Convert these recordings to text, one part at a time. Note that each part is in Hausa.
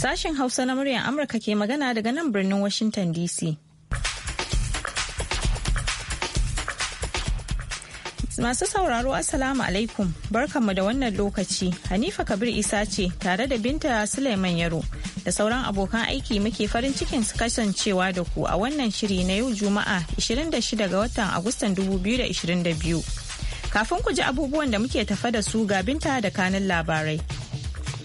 Sashen Hausa na muryar Amurka ke magana daga nan birnin Washington DC. Masu sauraro Assalamu alaikum barkanmu da wannan lokaci Hanifa Kabir Isa ce tare da Binta Suleiman Yaro da sauran abokan aiki muke farin cikin su kasancewa da ku a wannan shiri na yau Juma'a 26 ga watan Agustan 2022. Kafin ku ji abubuwan da muke tafa da su ga Binta da kanin labarai.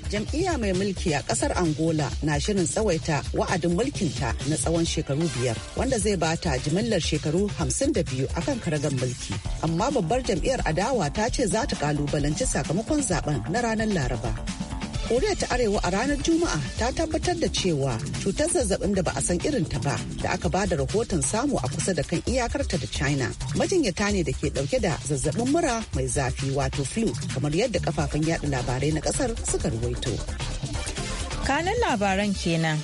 jam'iyya mai mulki a kasar angola na shirin tsawaita wa'adin mulkinta na tsawon shekaru biyar wanda zai ba ta jimillar shekaru hamsin da biyu akan karagar mulki amma babbar jam'iyyar adawa ta ce za ta kalubalanci sakamakon zaben na ranar laraba koriya ta arewa a ranar juma'a ta tabbatar da cewa cutar zazzabin da ba a san irin ta ba da aka ba da rahoton samu a kusa da kan iyakarta da china majinyata ne da ke dauke da zazzabin mura mai zafi wato flu kamar yadda kafafen yada labarai na kasar suka ruwaito kanan labaran kenan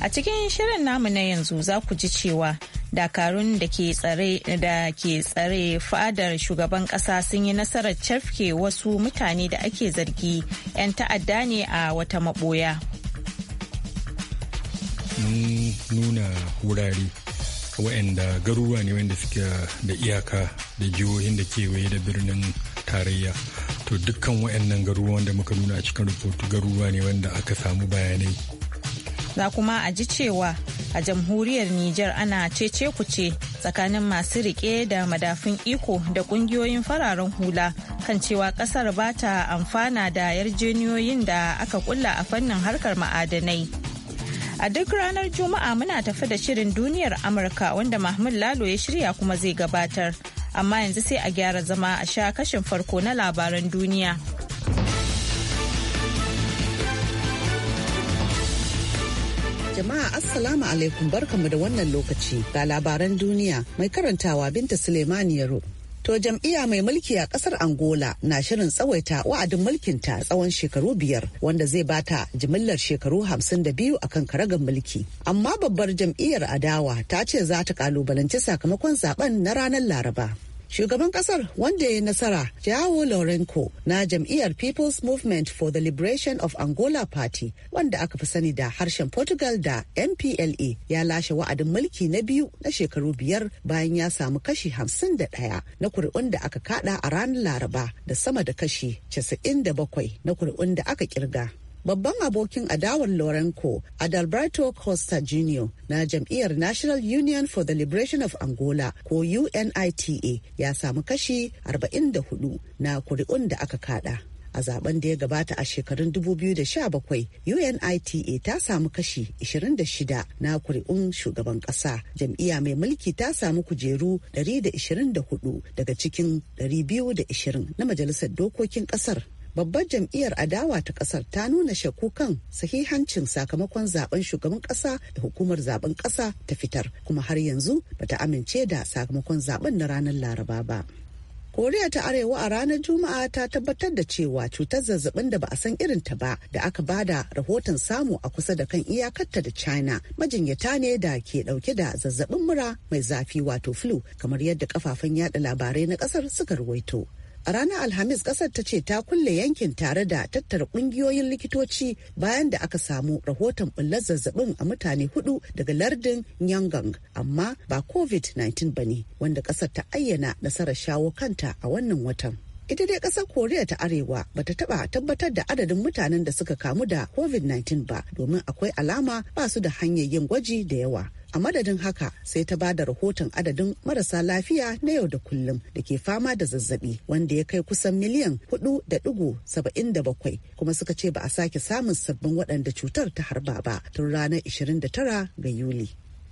a cikin shirin namu na yanzu za ku ji cewa dakarun da ke tsare fadar shugaban kasa sun yi nasarar cafke wasu mutane da ake zargi 'yan ta'adda ne a wata maboya mun nuna wurare waɗanda garuruwa ne wanda suke da iyaka da jihohin da kewaye da birnin tarayya to dukkan waɗannan garuruwa wanda muka nuna a cikin rubutu garuruwa ne wanda aka samu bayanai Za kuma a ji cewa a jamhuriyar Nijar ana cece kuce tsakanin masu rike da madafin iko da kungiyoyin fararen hula kan cewa kasar ba ta amfana da yarjeniyoyin da aka kulla a fannin harkar ma'adanai. A duk ranar Juma'a muna tafi da shirin duniyar Amurka wanda Mahmud Lalo ya shirya kuma zai gabatar. Amma yanzu sai a gyara zama a sha kashin farko na labaran duniya. Jama'a Assalamu alaikum barkamu da wannan lokaci ga labaran duniya mai karantawa Binta Suleimani Yaro. To jam'iyya mai mulki a kasar Angola na shirin tsawaita wa'adin mulkinta tsawon shekaru biyar wanda zai bata jimillar shekaru hamsin da biyu akan karagar mulki. Amma babbar jam'iyyar adawa ta ce za ta kalubalanci sakamakon zaben na ranar Laraba. Shugaban kasar wanda ya yi nasara Jao Lorenko na jam'iyyar People's Movement for the Liberation of Angola Party wanda aka fi sani da harshen Portugal da MPLA ya lashe wa'adin mulki na biyu na shekaru biyar bayan ya samu kashi hamsin da ɗaya na kuri'un da aka kada a ranar Laraba da sama da kashi casa'in da bakwai na kuri'un da aka kirga. babban abokin adawar lorenco adalberto costa jr na jam'iyyar national union for the liberation of angola ko unita ya samu kashi 44 na kuri'un da aka kada a zaben da ya gabata a shekarun 2017 unita ta samu kashi 26 na kuri'un shugaban kasa jam'iyya mai mulki ta samu kujeru 124 daga cikin 220 na majalisar dokokin kasar babbar jam'iyyar adawa ta kasar ta nuna shakku kan sahihancin sakamakon zaben shugaban kasa da hukumar zaben kasa ta fitar kuma har yanzu bata amince da sakamakon zaben na ranar laraba ba koriya ta arewa a ranar juma'a ta tabbatar da cewa cutar zazzabin da ba a san irin ta ba da aka bada rahoton samu a kusa da kan iyakarta da china majinyata ne da ke dauke da zazzabin mura mai zafi wato flu kamar yadda kafafen yada labarai na kasar suka ruwaito A ranar Alhamis kasar ta ce ta kulle yankin tare da tattara kungiyoyin likitoci bayan da aka samu rahoton bullar zazzabin a mutane hudu daga lardin Yangang amma ba COVID-19 ba ne wanda kasar ta ayyana nasarar shawo kanta a wannan watan. ita dai kasar koriya ta arewa bata taba tabbatar da adadin mutanen da suka kamu da covid-19 ba domin akwai alama ba su da hanyar yin gwaji da yawa a madadin haka sai ta ba da rahoton adadin marasa lafiya na yau da kullum da ke fama da zazzabi wanda ya kai kusan miliyan 4.77 kuma suka ce ba a sake samun sabbin waɗanda cutar ta harba ba tun ranar 29 ga yuli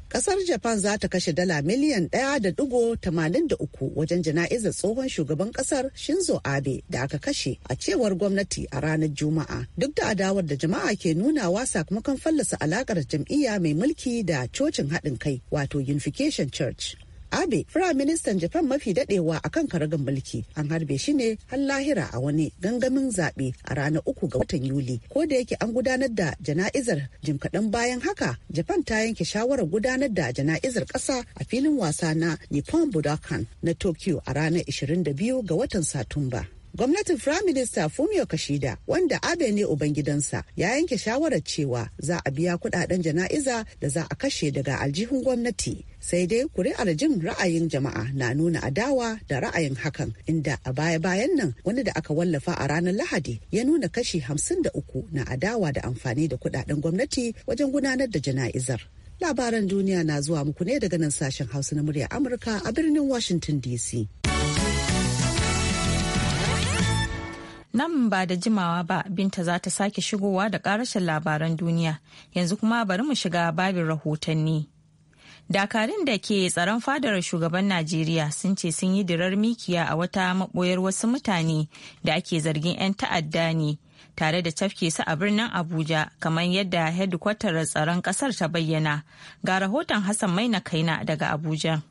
Kasar Japan za ta kashe dala miliyan ɗaya da ɗigo tamanin da uku wajen jana'izar tsohon shugaban kasar Shinzo Abe da aka kashe a cewar gwamnati a ranar Juma'a. Duk da adawar da jama'a ke nunawa sakamakon fallasa alakar jam'iyya mai mulki da cocin haɗin kai wato Unification Church. Abe, Firaministan Japan mafi dadewa a kan karagar mulki, an harbe shi ne har lahira a wani gangamin zaɓe a ranar uku ga watan Yuli. Ko da yake an gudanar da jana'izar jim kaɗan bayan haka, Japan ta yanke shawarar gudanar da jana'izar ƙasa a filin wasa na Nippon Budokan na Tokyo a ranar 22 ga watan Satumba. gwamnatin firaminista fumio kashida wanda abe ne ubangidansa ya yanke shawarar cewa za a biya kudaden jana'iza da za a kashe daga aljihun gwamnati sai dai kuri'ar jin ra'ayin jama'a na nuna adawa da ra'ayin hakan inda a baya-bayan nan wani da aka wallafa a ranar lahadi ya nuna kashi uku na adawa da amfani da kudaden gwamnati wajen gudanar da jana'izar labaran duniya na zuwa muku ne daga nan sashen hausa na murya amurka a birnin washington dc Nan ba da jimawa ba binta za ta sake shigowa da karashin labaran duniya yanzu kuma bari mu shiga babin rahotanni. Dakarun da ke tsaron fadar shugaban Najeriya sun ce sun yi dirar mikiya a wata maɓoyar wasu mutane da ake zargin 'yan ta'adda ne tare da tafke su a birnin Abuja kamar yadda hedikwatar tsaron ƙasar ta bayyana. Ga rahoton Hassan Maina Kaina daga Abuja.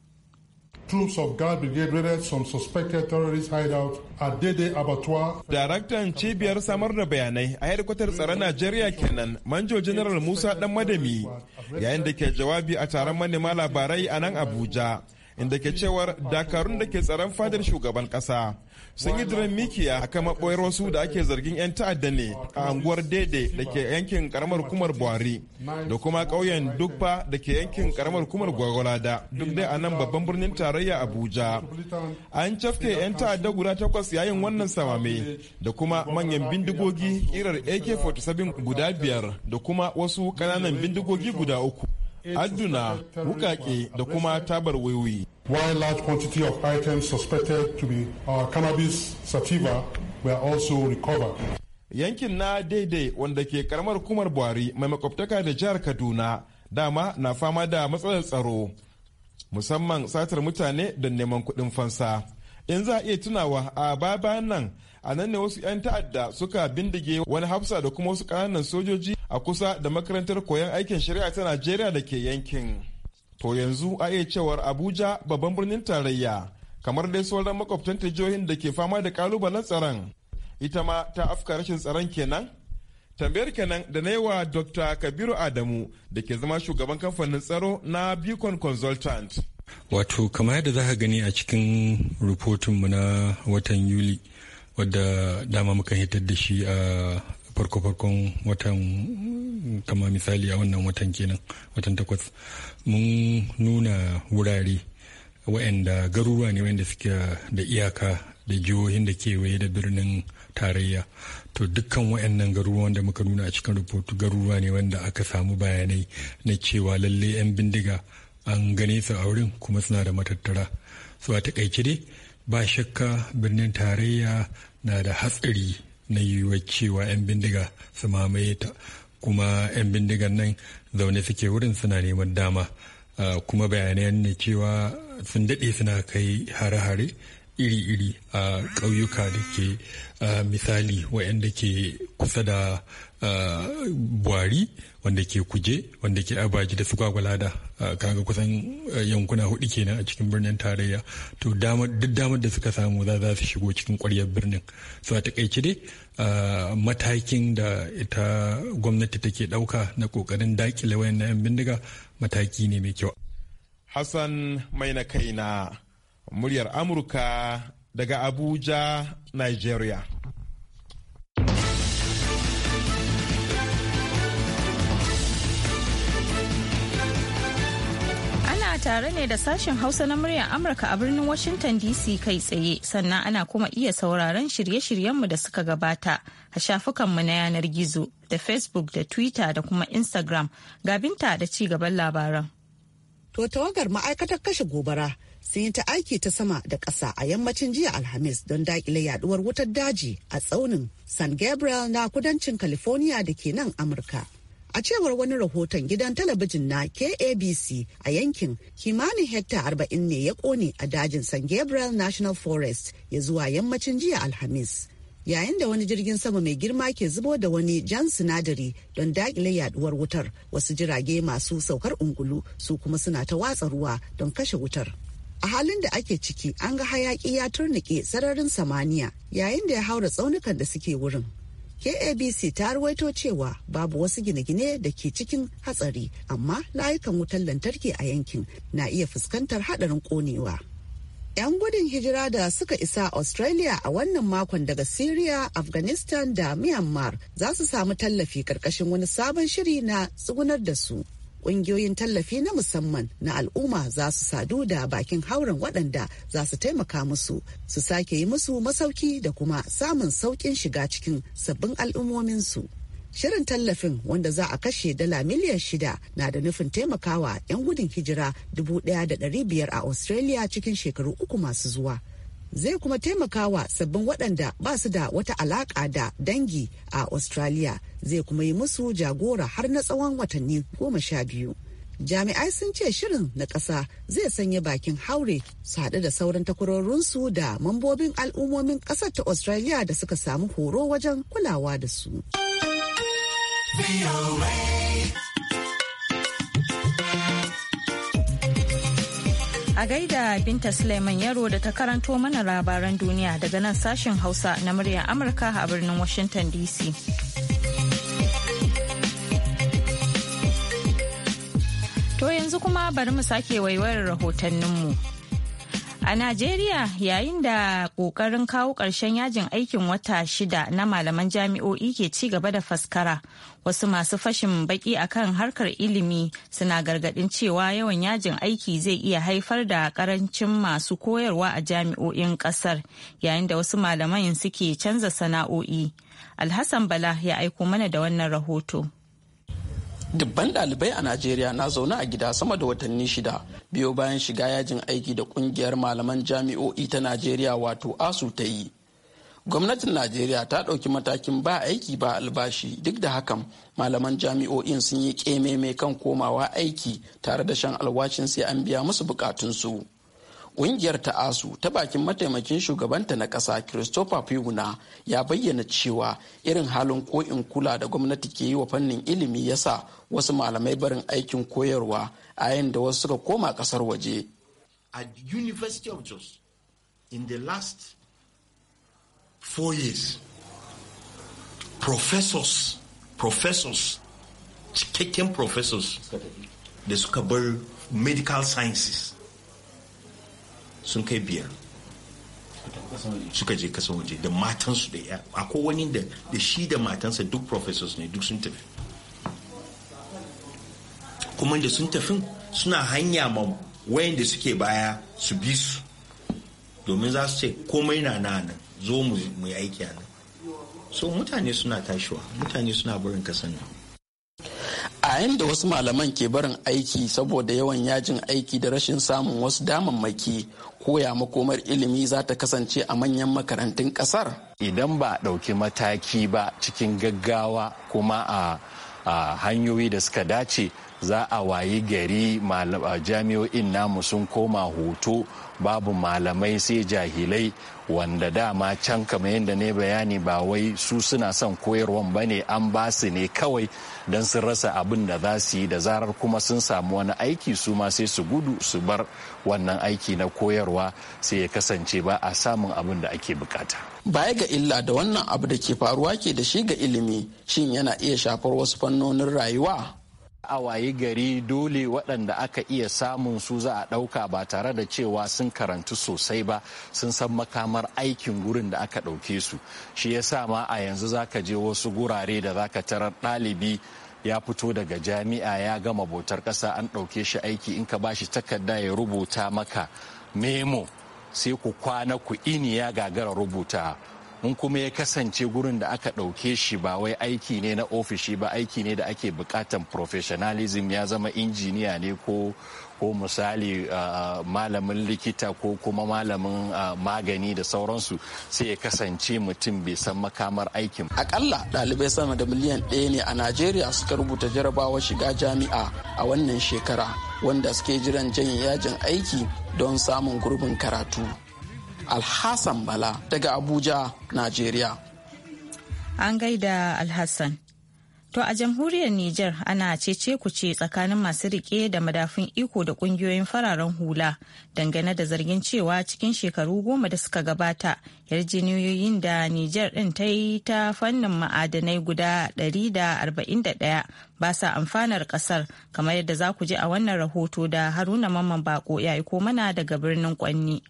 troops of guard brigade raided some suspected terrorist hideout at Dede abattoir. Daraktan cibiyar samar da bayanai a hedikwatar tsaron Najeriya kenan Manjo General Musa Dan Madami yayin da ke jawabi a taron manema labarai a nan Abuja. inda ke cewar dakarun da ke tsaron fadar shugaban kasa sun yi diran mikiya a kan maɓoyar wasu da ake zargin 'yan ta'adda ne a anguwar dede da ke yankin karamar kumar buhari da kuma ƙauyen dukpa da ke yankin karamar kumar gwagwalada duk dai a nan babban birnin tarayya abuja an cafke 'yan ta'adda guda takwas yayin wannan samame da kuma manyan bindigogi irar ak-47 guda biyar da kuma wasu ƙananan bindigogi guda uku Eh, adduna wukake da kuma tabar wayoyi Why large quantity of items suspected to be uh, cannabis sativa were also recovered. Yankin na daidai wanda ke karamar kumar Buhari mai makwabtaka da jihar Kaduna dama na fama da matsalar tsaro musamman satar mutane da neman kuɗin fansa. In za a iya tunawa a baya nan a nan ne wasu 'yan ta'adda suka bindige wani hafsa da kuma wasu ƙananan sojoji a kusa da makarantar koyon aikin shari'a ta najeriya da ke yankin to yanzu a iya cewar abuja babban birnin tarayya kamar dai sauran makwabtan jihohin da ke fama da kalubalen tsaron ita ma ta afka rashin tsaron kenan tambayar kenan da na yi wa dr kabiru adamu da ke zama shugaban kamfanin tsaro na beacon consultant wato kamar yadda za ka gani a cikin rufotinmu na watan yuli wadda dama muka hitar da shi a farko-farkon watan kama misali a wannan watan kenan watan takwas mun nuna wurare waɗanda garuruwa ne waɗanda suke da iyaka da jihohin da kewaye da birnin tarayya to dukkan waɗannan garuruwan da muka nuna a cikin rubutu garuruwa ne wanda aka samu bayanai na cewa lalle 'yan bindiga an gane su a wurin kuma suna da matattara su a takaice dai ba shakka birnin tarayya na da hatsari na yiwuwar cewa 'yan bindiga su mamaye ta kuma 'yan bindigan nan zaune suke wurin suna neman dama ah, kuma bayanai ne cewa sun daɗe suna kai hare-hare iri-iri a ƙauyuka da ke ah, misali waɗanda ke kusa da ah, buhari wanda ke kuje wanda ke abaji da su a kaga kusan yankuna hudu kenan a cikin birnin tarayya to duk damar da suka samu za za su shigo cikin kwaryar birnin su a takaice dai matakin da ita gwamnati take dauka na kokarin dakile wayan na yan bindiga mataki ne mai kyau hassan mai na kai na muryar amurka daga abuja nigeria tare ne da sashen Hausa na muryar Amurka a birnin Washington DC kai tsaye sannan ana kuma iya sauraron shirye-shiryenmu da suka gabata a shafukanmu na yanar gizo da Facebook da Twitter da kuma Instagram gabinta da ci gaban labaran. To tawagar ma'aikatar kashe gobara sun yi ta aiki ta sama da ƙasa a yammacin jiya alhamis don daƙile yaduwar wutar daji a tsaunin san gabriel na kudancin california da ke nan amurka A cewar wani rahoton gidan talabijin na KABC a yankin kimanin hekta arba'in ne ya kone a dajin San Gabriel National Forest ya zuwa yammacin jiya Alhamis. Yayin da wani jirgin sama mai girma ke zubo da wani jan sinadari don dakile yaduwar wutar wasu jirage masu saukar ungulu su kuma suna ta watsa ruwa don kashe wutar. a halin da ake ciki an ga hayaki ya turnike sararin samaniya yayin da ya haura tsaunukan da suke wurin abc ta ruwaito cewa babu wasu gine-gine da ke cikin hatsari amma layukan wutar lantarki a yankin na iya fuskantar haɗarin ƙonewa. 'Yan gudun hijira da suka isa Australia a wannan makon daga Syria, Afghanistan da Myanmar za su samu tallafi ƙarƙashin wani sabon shiri na tsugunar da su. kungiyoyin tallafi na musamman na al'umma za su sadu da bakin hauren waɗanda za su taimaka musu su sake yi musu masauki da kuma samun sauƙin shiga cikin sabbin al'ummominsu. Shirin tallafin wanda za a kashe dala miliyan shida na da nufin taimakawa 'yan gudun hijira 1,500 a Australia cikin shekaru uku masu zuwa. zai kuma taimakawa sabbin waɗanda ba su da wata alaƙa da dangi a australia zai kuma yi musu jagora har na tsawon watanni goma sha biyu jami'ai sun ce shirin na ƙasa zai sanya bakin haure su haɗu da sauran takwarorinsu da mambobin al'ummomin ƙasar ta australia da suka samu horo wajen kulawa da su. A gaida Binta Suleiman Yaro da ta karanto mana labaran duniya daga nan sashen Hausa na muryar Amurka a birnin Washington DC. To yanzu kuma bari mu sake waiwayar rahotanninmu. A Najeriya yayin da ƙoƙarin kawo ƙarshen yajin aikin wata shida na malaman jami'o'i ke ci gaba da faskara, wasu masu fashin baki akan harkar ilimi suna gargadin cewa yawan yajin aiki zai iya haifar da ƙarancin masu koyarwa a jami'o'in ƙasar yayin da wasu malaman suke canza sana'o'i. Alhassan Bala ya aiko mana da wannan rahoto. dubban ɗalibai a najeriya na zaune a gida sama da watanni shida biyo bayan shiga yajin aiki da ƙungiyar malaman jami'o'i ta najeriya wato asu ta yi gwamnatin najeriya ta ɗauki matakin ba aiki ba albashi duk da hakan malaman jami'o'in sun yi kememe kan komawa aiki tare da shan alwashin sai an biya musu bukatunsu Ƙungiyar ta ASU ta bakin mataimakin shugabanta na ƙasa Christopher Piguna ya bayyana cewa irin halin ko'in kula da gwamnati ke yi wa fannin ilimi ya sa wasu malamai barin aikin koyarwa a yayin da wasu suka koma ƙasar waje. Jos, in the last four years, professors, professors, cikakken professors da suka bar medical sciences sun kai biyar suka je kasan waje da matansu da ya akwai wani da shi da matansa duk professors ne duk sun tafi kuma da sun tafi suna hanya ma da suke baya su bi su domin za su ce komai na nan zo mu yi aiki a nan so mutane suna tashiwa mutane suna barin kasan nan a yayin da wasu malaman ke barin aiki saboda yawan yajin aiki da rashin samun wasu damammaki koya makomar ilimi za ta kasance a manyan makarantun kasar idan ba a ɗauki mataki ba cikin gaggawa kuma a hanyoyi da suka dace za a wayi gari jami'o'in namu sun koma hoto babu malamai sai jahilai wanda dama can kamar yadda ne bayani ba wai su suna son koyarwan ba ne an ba su ne kawai don sun rasa abin da za su yi da zarar kuma sun samu wani aiki su ma sai su gudu su bar wannan aiki na koyarwa sai ya kasance ba a samun abin da ake bukata baya ga illa da wannan abu da ke faruwa ke da shi ga ilimi shin yana iya shafar wasu fannonin rayuwa a waye gari dole waɗanda aka iya samun su za a ɗauka ba tare da cewa sun karantu sosai ba sun san makamar aikin gurin da aka ɗauke su shi ya sa ma a yanzu za ka je wasu gurare da za ka tarar ɗalibi ya fito daga jami'a ya gama bautar ƙasa an ɗauke shi aiki in ka bashi takarda ya rubuta maka memo sai ku kwana ku ini ya gagara rubuta in kuma ya kasance gurin da aka ɗauke shi ba wai aiki ne na ofishi ba aiki ne da ake bukatan professionalism ya zama injiniya ne ko ko misali malamin likita ko kuma malamin magani da sauransu sai ya kasance mutum bai san makamar aikin. Akalla ɗalibai sama da miliyan ɗaya ne a Najeriya suka rubuta jarabawar shiga jami'a a wannan shekara wanda suke jiran janye yajin aiki don samun gurbin karatu. alhassan bala daga abuja najeriya an gaida alhassan To a jamhuriyar Nijar ana cece ce tsakanin masu rike da madafin iko da kungiyoyin fararen hula dangane da zargin cewa cikin shekaru goma da suka gabata yarjejeniyoyin da Nijar ɗin ta yi ta fannin ma'adanai guda 141 ba sa amfanar ƙasar kamar yadda za ku ji a wannan rahoto da Haruna Mamman Bako ya iko mana daga birnin Kwanni.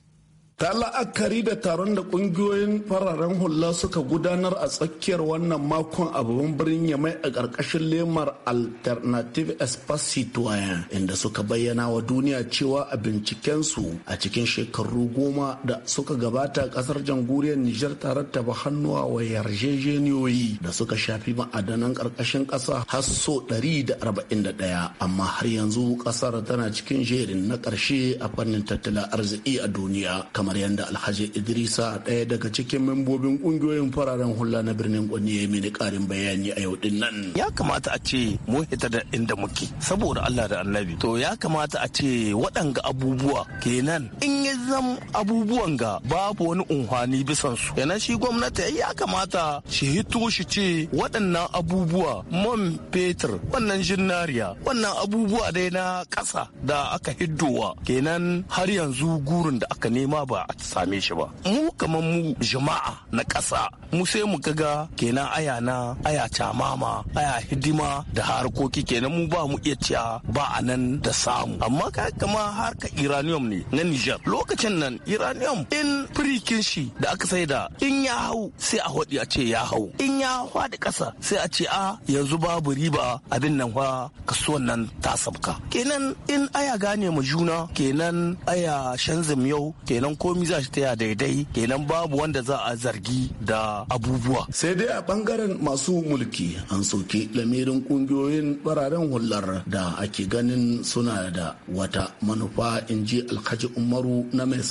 ta la'akari da taron da kungiyoyin fararen hula suka gudanar a tsakiyar wannan makon a babban birnin yamai a ƙarƙashin lemar alternative espacitoyen inda suka bayyana wa duniya cewa a bincikensu a cikin shekaru goma da suka gabata ƙasar jamhuriyar nijar ta ba hannuwa wa yarjejeniyoyi da suka shafi ma'adanan ƙarƙashin ƙasa har so 141 amma har yanzu ƙasar tana cikin jerin na ƙarshe a fannin tattalin arziki a duniya kamar yadda alhaji idrisa ɗaya daga cikin membobin ƙungiyoyin fararen hula na birnin kwanni ya mini ƙarin bayani a yau din nan ya kamata a ce mu hita da inda muke saboda allah da annabi to ya kamata a ce waɗanga abubuwa kenan in ya zam abubuwan ga babu wani unhwani bisan su yana shi gwamnati ya kamata shi hito shi ce waɗannan abubuwa man fetur wannan jinnariya wannan abubuwa dai na ƙasa da aka hiddowa kenan har yanzu gurin da aka nema ba ba a same shi ba mu kamar mu jama'a na ƙasa mu sai mu ga kenan aya na aya camama aya hidima da harkoki kenan mu ba mu iya cewa ba a nan da samu amma ka kama harka iranium ne na Niger lokacin nan iranium in firikin shi da aka sai da in ya hau sai a hodi a ce ya hau in ya hwa da ƙasa sai a ce a yanzu babu riba abin nan fa kasuwan nan ta sabka kenan in aya gane ma juna kenan aya shanzim yau kenan komi za shi taya daidai kenan babu wanda za a zargi da abubuwa sai dai a bangaren masu mulki an soke lamirin kungiyoyin bararen hular da ake ganin suna da wata manufa in ji alhaji umaru na mai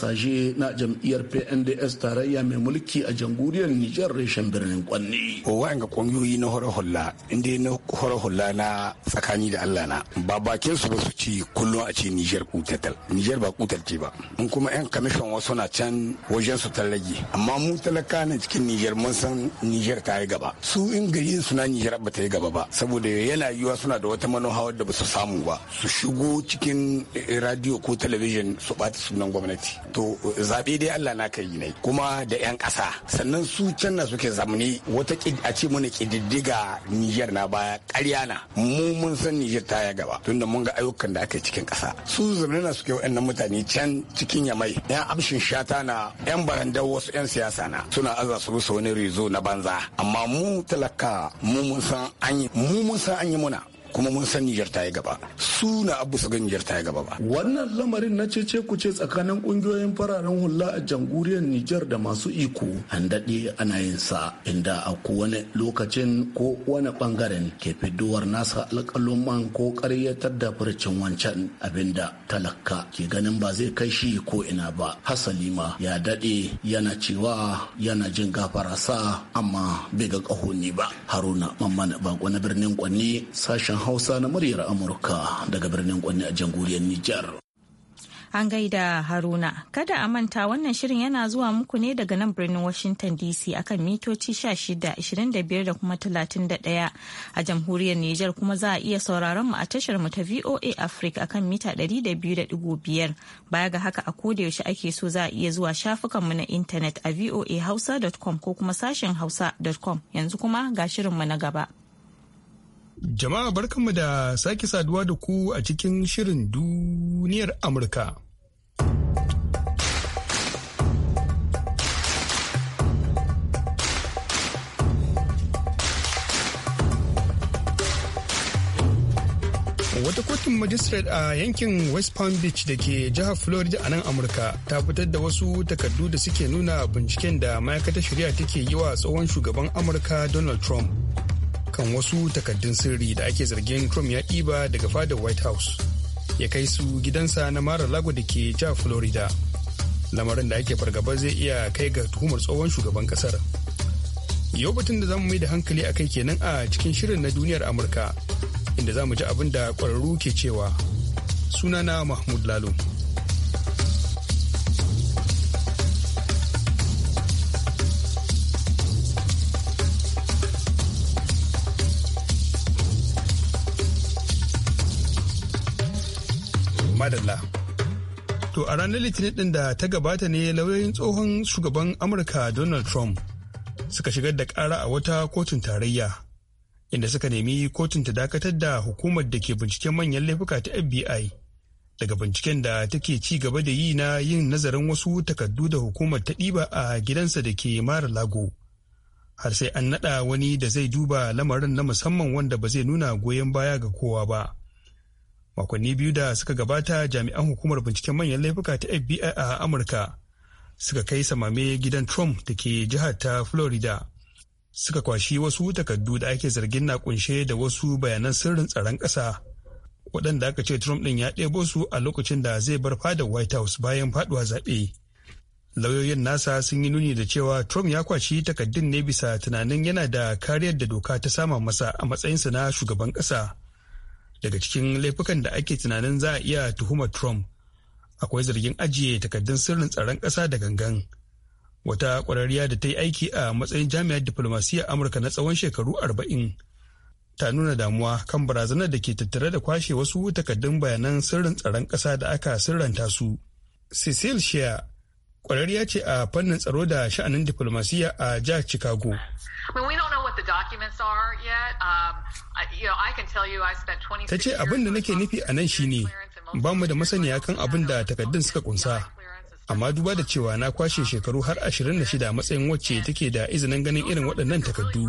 na jam'iyyar pnds tarayya mai mulki a jamhuriyar nijar reshen birnin kwanne ga kungiyoyi na hore hulla inda na hore hulla na tsakani da allah na ba bakin su ba su ci kullum a ce nijar kutatal nijar ba kutal ce ba in kuma yan kamishon suna can wajen su rage amma mu talaka na cikin Nijar mun san Nijar ta yi gaba su in gari su Nijar ba ta yi gaba ba saboda yana yiwa suna da wata manoha wadda ba su samu ba su shigo cikin eh, radio ko talabijin su bata sunan gwamnati to zabe dai Allah na kai ne kuma da yan kasa sannan su can na suke zamani wata a ce mana kididdiga niger na baya ƙarya na mu mun san Nijar ta yi gaba tunda mun ga ayyukan da aka yi cikin kasa su zamani na suke wa'annan mutane can cikin yamai yan amshi shin shata na yan barandar wasu yan siyasa na suna aza su rusa wani rizo na banza amma mu talaka mu san mu mun san an yi muna kuma mun san Nijar ta yi gaba su na abu su ga Nijar ta yi gaba ba wannan lamarin na cece ku ce tsakanin kungiyoyin fararen hula a jamhuriyar Nijar da masu iko an daɗe ana yin sa inda a kowane lokacin ko wani bangaren ke fidowar nasa alƙalon man ko ƙaryatar da furcin wancan abinda talaka ke ganin ba zai kai shi ko ina ba hasalima ya daɗe yana cewa yana jin gafara sa amma bai ga ƙahoni ba haruna mamman bako na birnin kwanni sashen Hausa na muryar Amurka daga birnin Kwanne a jamhuriyar Nijar. An gaida Haruna, kada a manta wannan shirin yana zuwa muku ne daga nan birnin Washington DC akan mitoci 16, 25 da kuma 31 a jamhuriyar Nijar kuma za a iya sauraron mu a tashar mu ta VOA Africa akan mita 200.5. Baya ga haka a yaushe ake so za a iya zuwa shafukanmu na intanet a voahausa.com ko kuma sashen hausa.com yanzu kuma ga shirinmu na gaba. Jama'a barkanmu da sake saduwa da ku a cikin shirin duniyar Amurka. wata kotun magistrate a yankin west palm beach da ke jihar florida a nan amurka ta fitar da wasu takardu da suke nuna binciken da ma'aikatar shari'a take yi wa tsohon shugaban amurka donald trump kan wasu takaddun sirri da ake zargin Trump ya ɗiba daga fadar White House ya kai su gidansa na mara lago da ke ja Florida. Lamarin da ake fargaba zai iya kai ga tuhumar tsohon shugaban kasar. Yau batun da zamu mai da hankali a kai kenan a cikin shirin na duniyar Amurka inda zamu ji abin da ƙwararru ke cewa. Sunana Mahmud Lalo. madalla to a ranar litinin din da ta gabata ne lauyoyin tsohon shugaban amurka donald trump suka shigar da kara a wata kotun tarayya inda suka nemi kotun ta dakatar da hukumar da ke binciken manyan laifuka ta fbi daga binciken da take ci gaba da yi na yin nazarin wasu takardu da hukumar ta ɗiba a gidansa da ke mara lago har sai an naɗa wani da zai duba lamarin na musamman wanda ba zai nuna goyon baya ga kowa ba makonni biyu da suka gabata jami'an hukumar binciken manyan laifuka ta fbi a amurka suka kai samame gidan trump da ke jihar ta florida suka kwashi wasu takardu da ake zargin na kunshe da wasu bayanan sirrin tsaron ƙasa waɗanda aka ce trump ɗin ya ɗebo su a lokacin da zai bar fadar white house bayan faduwa zaɓe lauyoyin nasa sun yi nuni da cewa trump ya kwashi takardun ne bisa tunanin yana da kariyar da doka ta sama masa a matsayinsa na shugaban ƙasa daga cikin laifukan da ake tunanin za a iya tuhumar trump akwai zargin ajiye takaddun sirrin tsaron ƙasa da gangan wata ƙwararriya da ta yi aiki a matsayin jami'ar diplomasiya amurka na tsawon shekaru arba'in ta nuna damuwa kan barazanar da ke tattare da kwashe wasu takaddun bayanan sirrin tsaron ƙasa da aka sirranta su cecil shea ƙwararriya ce a fannin tsaro da sha'anin diflomasiyya a jihar chicago what the documents are yet. Um, I, you know, I can tell you I spent 20 Ta ce abin da nake nufi a nan shine ba mu da masaniya kan abin da takaddun suka kunsa. Amma duba da cewa na kwashe shekaru har 26 matsayin wacce take da izinin ganin irin waɗannan takaddu.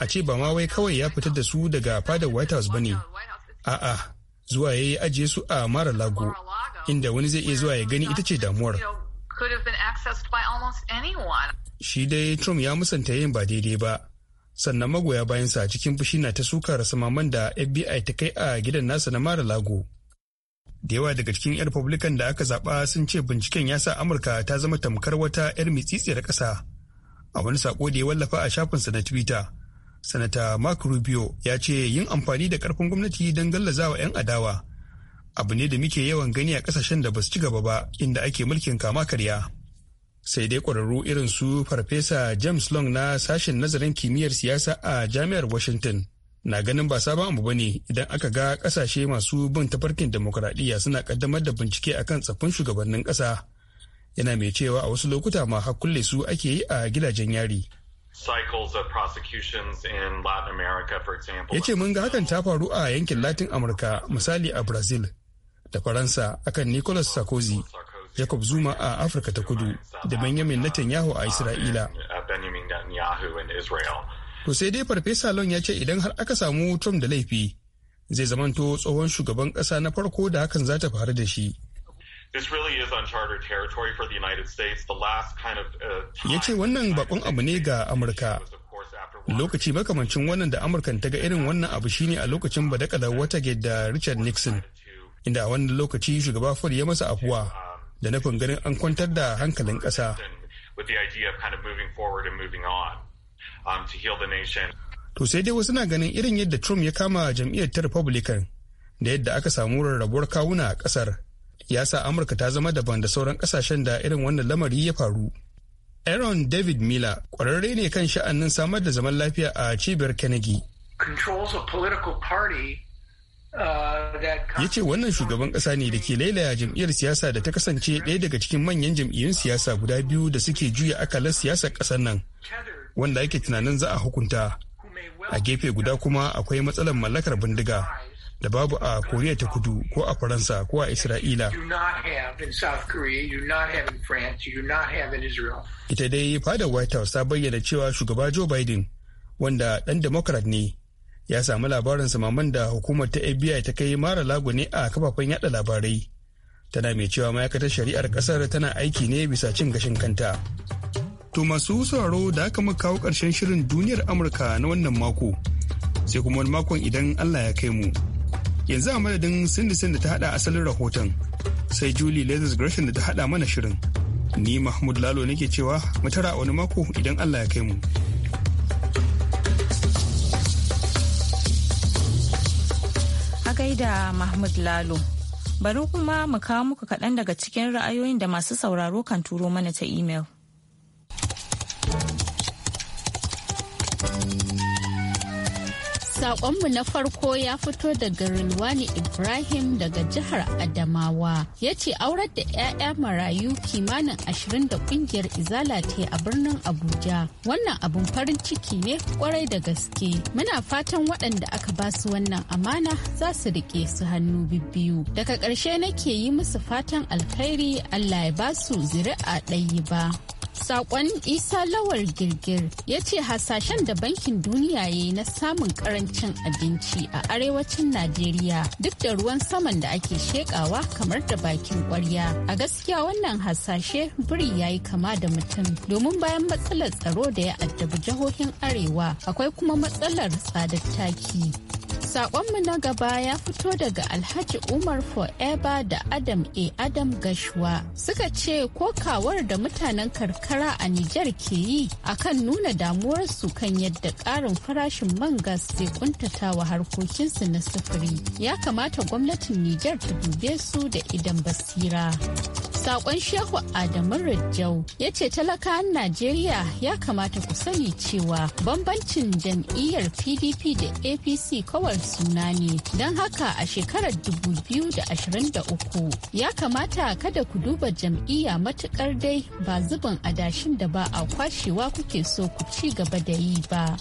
A ce ba ma wai kawai ya fitar da su daga fadar White House ba ne. A'a, zuwa ya yi ajiye su a Mara Lago, inda wani zai iya zuwa ya gani ita ce damuwar. Shi dai Trump ya musanta yin ba daidai ba, sannan magoya bayansa a cikin fushi na ta suka maman da fbi ta kai a gidan nasa na mara lago da yawa daga cikin 'yan republican da aka zaɓa sun ce binciken ya sa amurka ta zama tamkar wata 'yar mitsitsiyar ƙasa a wani sako da ya wallafa a shafinsa na twitter sanata mark rubio ya ce yin amfani da ƙarfin gwamnati don gallazawa 'yan adawa abu ne da muke yawan gani a ƙasashen da ba su ci gaba ba inda ake mulkin kama karya sai dai ƙwararru irin su farfesa james long na sashen nazarin kimiyyar siyasa a jami'ar washington na ganin ba sabon abu bane idan aka ga kasashe masu bin tafarkin demokuraɗiyya suna kaddamar da bincike akan tsaffin shugabannin ƙasa yana mai cewa a wasu lokuta ma hakulle su ake yi a gidajen yari ya ce mun ga hakan ta faru a yankin latin amurka misali a brazil da faransa akan nicolas sarkozy jacob zuma a afirka ta kudu da benjamin netanyahu a isra'ila to sai dai farfesa lon ya ce idan har aka samu trump da laifi zai zamanto tsohon shugaban ƙasa na farko da hakan za ta faru da shi uh, ya ce wannan bakon abu ne ga amurka lokaci makamancin wannan da amurkan ta ga irin wannan abu shine a lokacin badakalar watergate da richard nixon inda a wannan lokaci shugaba ford ya masa afuwa da nufin ganin an kwantar da hankalin ƙasa. Um, to sai dai wasu na ganin irin yadda Trump ya kama jam'iyyar ta Republican da yadda aka samu rarrabuwar kawuna a ƙasar ya sa Amurka ta zama daban da sauran ƙasashen da irin wannan lamari ya faru. Aaron David Miller ƙwararre ne kan sha'anin samar da zaman lafiya a cibiyar Carnegie. Controls a political party ya ce wannan shugaban ƙasa ne da ke lailaya jam'iyyar siyasa da ta kasance ɗaya daga cikin manyan jam'iyyun siyasa guda biyu da suke juya akalar siyasar ƙasar nan wanda ake tunanin za a hukunta a gefe guda kuma akwai matsalar mallakar bindiga da babu a koriya ta kudu ko a faransa ko a isra'ila ita dai fadar white house ta bayyana cewa shugaba joe biden wanda ɗan democrat ne ya samu labarin samaman da hukumar ta FBI ta kai mara lagu ne a kafafen yada labarai. Tana mai cewa ma'aikatar shari'ar kasar tana aiki ne bisa cin gashin kanta. To masu sauraro da aka muka kawo karshen shirin duniyar Amurka na wannan mako. Sai kuma wani makon idan Allah ya kai mu. Yanzu a madadin sindi da ta hada asalin rahoton. Sai Julie lezis Gresham da ta hada mana shirin. Ni Mahmud Lalo nake cewa mu tara a wani mako idan Allah ya kai mu. gaida Mahmud Lalo. Bari kuma mu kawo muku kaɗan daga cikin ra'ayoyin da masu sauraro kan turo mana ta imel. Sakonmu na farko ya fito daga Rilwani Ibrahim daga jihar Adamawa. Ya ce aurar da 'ya'ya marayu kimanin ashirin da kungiyar Izala ta a birnin Abuja. Wannan abun farin ciki ne kwarai da gaske. Muna fatan waɗanda aka ba su wannan amana za su riƙe su hannu bibbiyu. Daga ƙarshe nake yi musu fatan alkhairi Allah ya ba su zuri'a ɗayi ba. Sakon Isa Lawal Girgir ya ce hasashen da Bankin Duniya ya yi na samun karancin abinci a arewacin Najeriya duk da ruwan saman da ake shekawa kamar da bakin kwarya. A gaskiya wannan hasashe biri ya yi kama da mutum domin bayan matsalar tsaro da ya addabi jihohin arewa akwai kuma matsalar tsadar taki. Sakonmu na gaba ya fito daga Alhaji Umar Forever da Adam A. Adam gashua suka ce ko kawar da mutanen karkara a Nijar ke yi akan nuna damuwarsu kan yadda ƙarin farashin man gas zai wa harkokinsu na sufuri. Ya kamata gwamnatin Nijar ta dube su da idan basira. Sakon Shehu Adamu Rajau ya ce talakawan Najeriya ya kamata ku sani cewa bambancin jam'iyyar PDP da APC kawar suna ne. Don haka a shekarar 2023 ya kamata kada ku duba jam'iyya matukar dai ba zubin adashin da ba a kwashewa kuke so ku ci gaba da yi ba.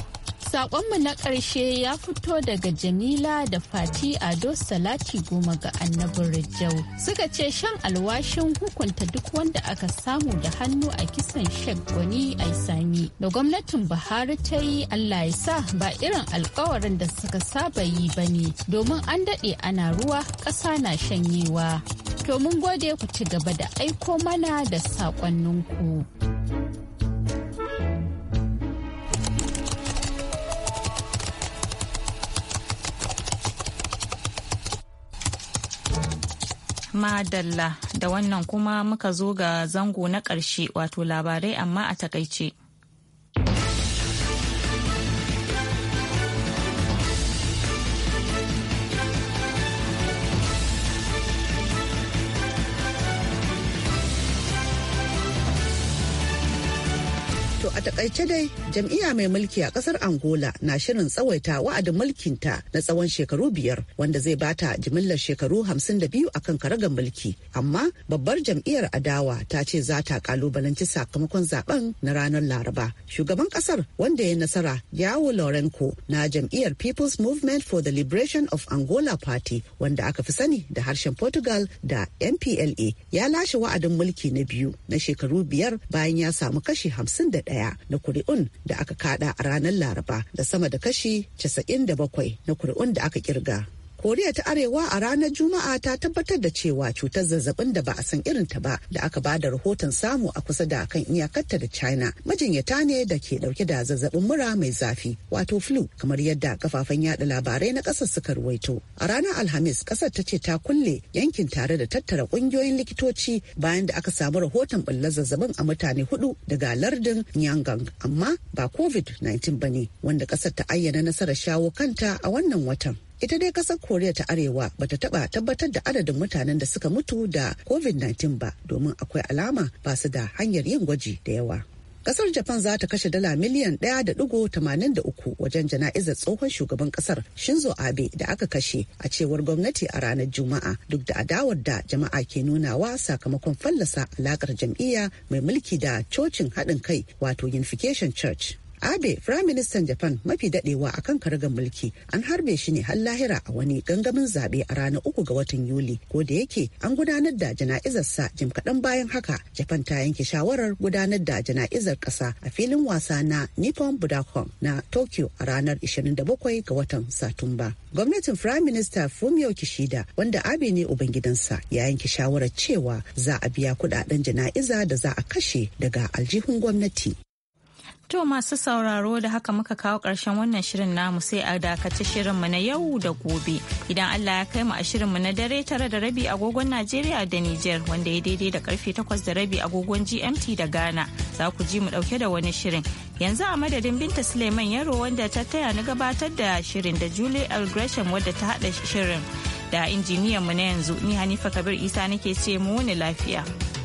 Sakonmu na ƙarshe ya fito daga Jamila da Fati Ado Salati goma ga annabin Rijau. Suka ce shan alwashin hukunta duk wanda aka samu da hannu a kisan Sheikh Gwani sami. Da gwamnatin Buhari ta yi Allah ya sa ba irin alkawarin da suka saba yi ba ne domin an daɗe ana ruwa ƙasa na shanyewa. To mun gode ku ci gaba da aiko mana da saƙonninku. Madalla da wannan kuma muka zo ga zango na ƙarshe wato labarai amma a takaice. takaice dai jam'iyya mai mulki a kasar angola na shirin tsawaita wa'adin mulkinta na tsawon shekaru biyar wanda zai bata jimillar shekaru hamsin da biyu akan karagar mulki amma babbar jam'iyyar adawa ta ce za ta kalubalanci sakamakon zaben na ranar laraba shugaban kasar wanda ya nasara yawo lorenko na jam'iyyar people's movement for the liberation of angola party wanda aka fi sani da harshen portugal da mpla ya lashe wa'adin mulki na biyu na shekaru biyar bayan ya samu kashi hamsin da ɗaya na kuri'un da aka kada a ranar laraba da sama da kashi 97 na kuri'un da aka kirga. koriya ta arewa a ranar juma'a ta tabbatar da cewa cutar zazzabin da ba a san irin ta ba da aka ba da rahoton samu a kusa da kan iyakarta da china majinyata ne da ke dauke da zazzabin mura mai zafi wato flu kamar yadda kafafen yada labarai na kasar suka ruwaito a ranar alhamis kasar ta ce ta kulle yankin tare da tattara kungiyoyin likitoci bayan da aka samu rahoton bullar zazzabin a mutane hudu daga lardin nyangang amma ba covid-19 ba ne wanda kasar ta ayyana nasarar shawo kanta a wannan watan ita dai kasar koriya ta arewa bata taba tabbatar da adadin mutanen da suka mutu da covid-19 ba domin akwai alama ba su da hanyar yin gwaji da yawa kasar japan za ta kashe dala miliyan da da digo-tamanin uku wajen jana'izar tsohon shugaban kasar shinzo abe da aka kashe a cewar gwamnati a ranar juma'a duk da adawar da jama'a ke nunawa sakamakon fallasa alakar jam'iyya mai mulki da cocin haɗin kai wato unification church abe firaministan japan mafi dadewa a kan karagar mulki an harbe shi ne har lahira a wani gangamin zaɓe a ranar uku ga watan yuli ko da yake an gudanar da jana'izar sa jim kaɗan bayan haka japan ta yanke shawarar gudanar da jana'izar ƙasa a filin wasa na nippon budokan na tokyo a ranar 27 ga watan satumba gwamnatin firaminista fumio kishida wanda abe ne ubangidansa ya yanke shawarar cewa za a biya kudaden jana'iza da za a kashe daga aljihun gwamnati To masu sauraro da haka muka kawo ƙarshen wannan shirin namu sai a dakaci shirinmu na yau da gobe. Idan Allah ya kai mu a shirinmu na dare tare da rabi agogon Najeriya da Nijar wanda ya daidai da karfe takwas da rabi agogon GMT da Ghana. Za ku ji mu ɗauke da wani shirin. Yanzu a madadin Binta Suleiman Yaro wanda ta taya na gabatar da shirin da Julie L. Gresham wadda ta haɗa shirin. Da injiniyanmu na yanzu ni Hanifa Kabir Isa nake ce mu wani lafiya.